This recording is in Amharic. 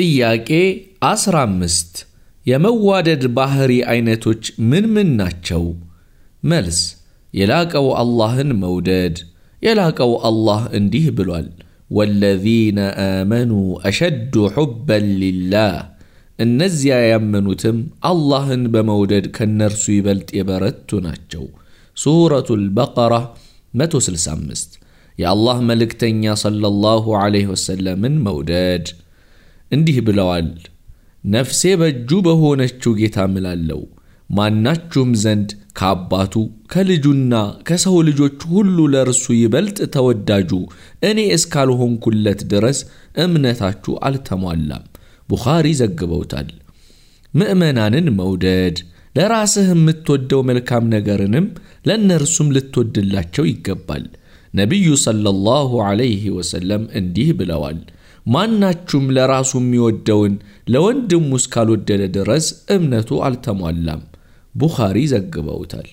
ጥያቄ 15 የመዋደድ ባህሪ አይነቶች ምን ምን ናቸው? መልስ የላቀው አላህን መውደድ። የላቀው አላህ እንዲህ ብሏል፣ ወለዚነ አመኑ አሸዱ ሑበን ሊላህ፣ እነዚያ ያመኑትም አላህን በመውደድ ከነርሱ ይበልጥ የበረቱ ናቸው። ሱረቱ ልበቀራ 165 የአላህ መልእክተኛ ሰለላሁ ዐለይሂ ወሰለምን መውደድ እንዲህ ብለዋል፣ ነፍሴ በእጁ በሆነችው ጌታ ምላለው። ማናችሁም ዘንድ ከአባቱ ከልጁና ከሰው ልጆች ሁሉ ለእርሱ ይበልጥ ተወዳጁ እኔ እስካልሆንኩለት ድረስ እምነታችሁ አልተሟላም። ቡኻሪ ዘግበውታል። ምእመናንን መውደድ ለራስህ የምትወደው መልካም ነገርንም ለእነርሱም ልትወድላቸው ይገባል። ነቢዩ ሰለላሁ ዐለይሂ ወሰለም እንዲህ ብለዋል ማናችሁም ለራሱ የሚወደውን ለወንድሙ እስካልወደደ ድረስ እምነቱ አልተሟላም። ቡኻሪ ዘግበውታል።